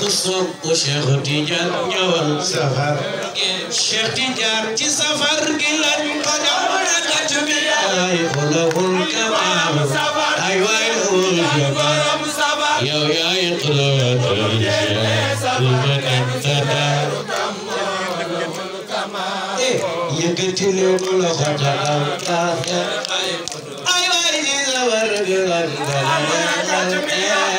ku sopp Cheikh Tidiane ñëwal safar gi Cheikh Tidiane ci safar gi lañ ko dawna gàcc bi ay xulaful kamaam ay waay xul jamaam yow yaay xulaful yëkkati leen loxo ca am ay waay ji la war gi lañ ko dawna gàcc bi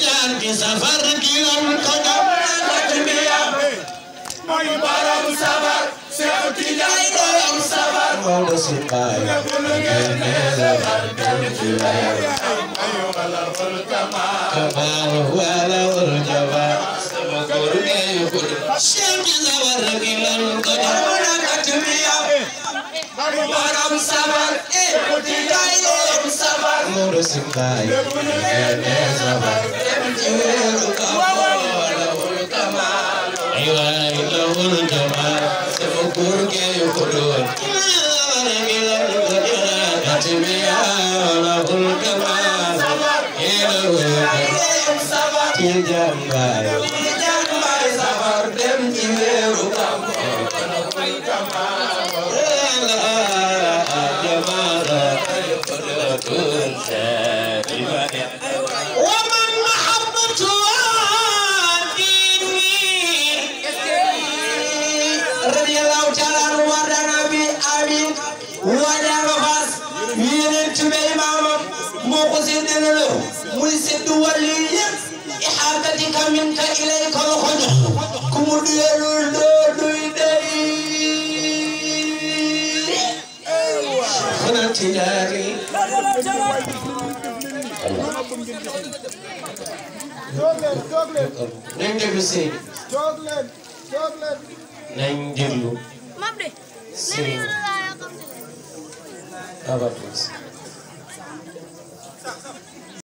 jaar di safar di law ko jam ak ndiya mooy borom safar seew ti jaay borom safar wala si baay ne safar dem ci weer ayo wala ful kama kamal wala ul jaba sama kor ne yukur seew ti safar di law ko jam ak ndiya borom safar eh ti jaay borom safar wala si baay ne safar kunan jama'a Sefo kurke yukuduwa Kina wala kila kudura Katimia wala kulkama Ilo wala Kijambai Kijambai safar dem kimeru kampo Kono kulkama Jama'a Jama'a Kuduwa tunsa waajaaba faas yéeneen ci mbéy maamam moo ko séddale loo muy séddu wàllu yëpp ixaatati ka min ka ilay ko la ko jox ku mu duyalul doo duy day xanaa ci jaari nañ déglu sëy nañ déglu sëy God